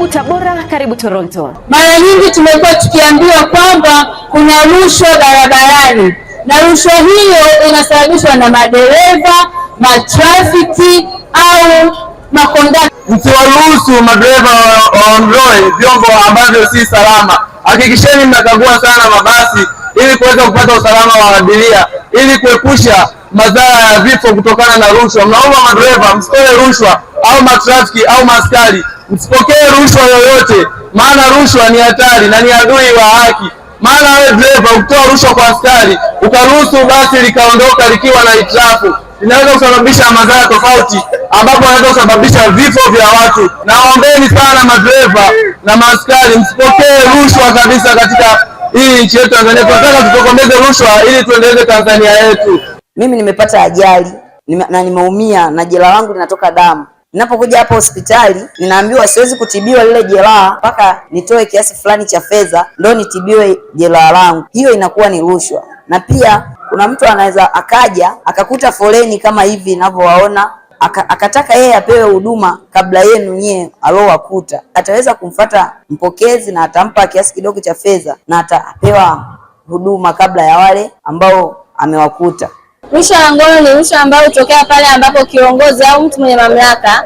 Karibu Tabora, karibu Toronto. Mara nyingi tumekuwa tukiambiwa kwamba kuna rushwa barabarani na rushwa hiyo inasababishwa na madereva, matrafiki au makondakta. Msiwaruhusu madereva waondoe vyombo ambavyo si salama. Hakikisheni mnakagua sana mabasi ili kuweza kupata usalama wa abiria ili kuepusha madhara ya vifo kutokana na rushwa. Mnaomba madereva msitoe rushwa au matrafiki au maaskari msipokee rushwa yoyote, maana rushwa ni hatari na ni adui wa haki. Maana wewe dereva ukitoa rushwa kwa askari ukaruhusu basi likaondoka likiwa na itrafu, inaweza kusababisha madhara tofauti, ambapo anaweza kusababisha vifo vya watu. Naombeni sana madereva na maaskari, msipokee rushwa kabisa katika hii nchi yetu Tanzania. Tunataka tutokomeze rushwa ili tuendeleze Tanzania yetu. Mimi nimepata ajali na nimeumia na jela langu linatoka damu Ninapokuja hapa hospitali ninaambiwa siwezi kutibiwa lile jeraha mpaka nitoe kiasi fulani cha fedha ndio nitibiwe jeraha langu. Hiyo inakuwa ni rushwa, na pia kuna mtu anaweza akaja akakuta foleni kama hivi ninavyowaona Aka, akataka yeye apewe huduma kabla yenu nyie alowakuta, ataweza kumfata mpokezi na atampa kiasi kidogo cha fedha na atapewa huduma kabla ya wale ambao amewakuta. Rushwa ya ngono ni rushwa ambayo hutokea pale ambapo kiongozi au mtu mwenye mamlaka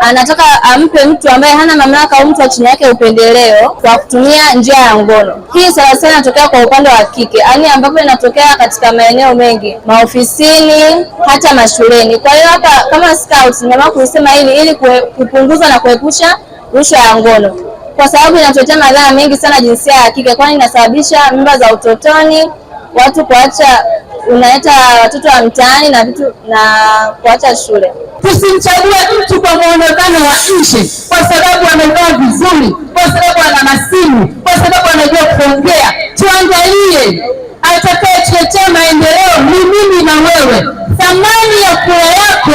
anataka ampe mtu ambaye hana mamlaka au mtu wa chini yake upendeleo kwa kutumia njia ya ngono. Hii sana sana inatokea kwa upande wa kike, yaani ambapo inatokea katika maeneo mengi, maofisini, hata mashuleni. Kwa hiyo hapa kama scout nimeamua kusema hili ili kupunguza na kuepusha rushwa ya ngono, kwa sababu inatuletea madhara mengi sana jinsia ya kike, kwani inasababisha mimba za utotoni, watu kuacha unaleta watoto wa mtaani na vitu na kuacha shule. Tusimchague mtu kwa muonekano wa nje, kwa sababu amevaa vizuri, kwa sababu ana masimu, kwa sababu anajua kuongea. Tuangalie atakayetuletea maendeleo ni mimi na wewe. Thamani ya kura yako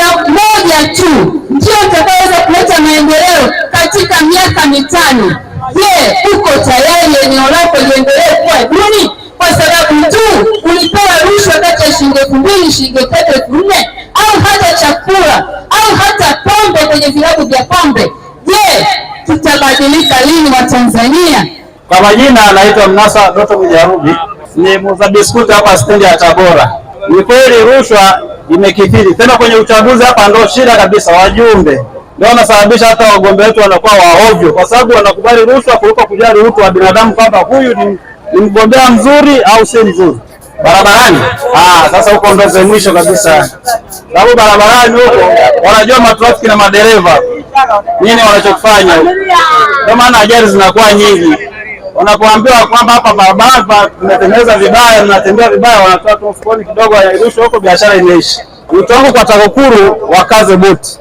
ya moja tu ndio utakayoweza kuleta maendeleo katika miaka mitano. Je, yeah, uko tayari eneo lako mbili shilingi tatu elfu nne au hata chakula au hata pombe kwenye vilabu vya pombe. Je, tutabadilika lini Watanzania? Kwa majina anaitwa Mnasa Doto Mjarubi, ni muuza biskuti hapa stendi ya Tabora. Ni kweli rushwa imekithiri tena kwenye uchaguzi hapa, ndio shida kabisa. Wajumbe ndio wanasababisha hata wagombea wetu wanakuwa waovyo, kwa sababu wanakubali rushwa kuliko kujali utu wa binadamu, kwamba huyu ni mgombea mzuri au si mzuri barabarani. Ah, sasa huko ndo mwisho kabisa, sababu barabarani huko wanajua matrafiki na madereva nini wanachofanya, ndio maana ajali zinakuwa nyingi. Wanapoambiwa kwamba hapa barabara tumetengeneza vibaya, mnatembea vibaya, wanatoa tu mfukoni kidogo, wanairusha huko, biashara inaishi. Wito kwa TAKUKURU wakaze boti,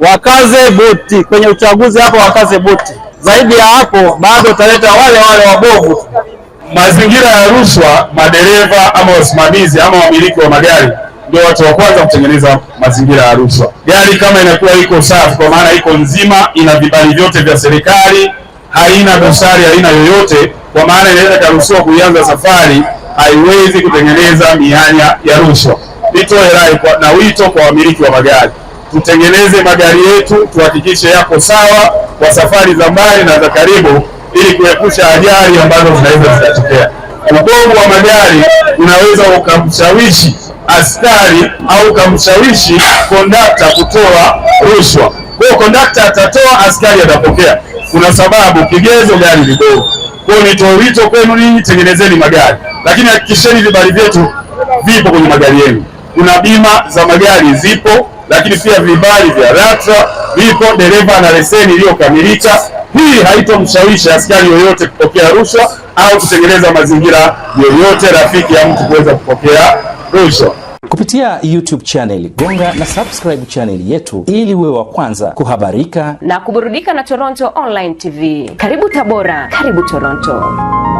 wakaze boti kwenye uchaguzi hapo, wakaze boti. Zaidi ya hapo, bado utaleta wale wale wabovu mazingira ya rushwa, madereva ama wasimamizi ama wamiliki wa magari ndio watu wa kwanza kutengeneza mazingira ya rushwa. Gari kama inakuwa iko safi, kwa maana iko nzima, ina vibali vyote vya serikali, haina dosari haina yoyote, kwa maana inaweza ikaruhusiwa kuianza safari, haiwezi kutengeneza mianya ya rushwa. Nitoe rai na wito kwa wamiliki wa magari, tutengeneze magari yetu, tuhakikishe yako sawa kwa safari za mbali na za karibu ili kuepusha ajali ambazo zinaweza zikatokea. Ubovu wa magari unaweza ukamshawishi askari au ukamshawishi kondakta kutoa rushwa. Kwa hiyo kondakta atatoa, askari atapokea. Kuna sababu kigezo gari ni bovu. Kwa hiyo nitoe wito kwenu ninyi, tengenezeni magari, lakini hakikisheni vibali vyetu vipo kwenye magari yenu. Kuna bima za magari zipo, lakini pia vibali vya LATRA vipo, dereva ana leseni iliyokamilika. Hii haitomshawishi askari yoyote kupokea rushwa au kutengeneza mazingira yoyote rafiki ya mtu kuweza kupokea rushwa. Kupitia YouTube channel, gonga na subscribe channel yetu ili uwe wa kwanza kuhabarika na kuburudika na Toronto Online TV. Karibu Tabora, karibu Toronto.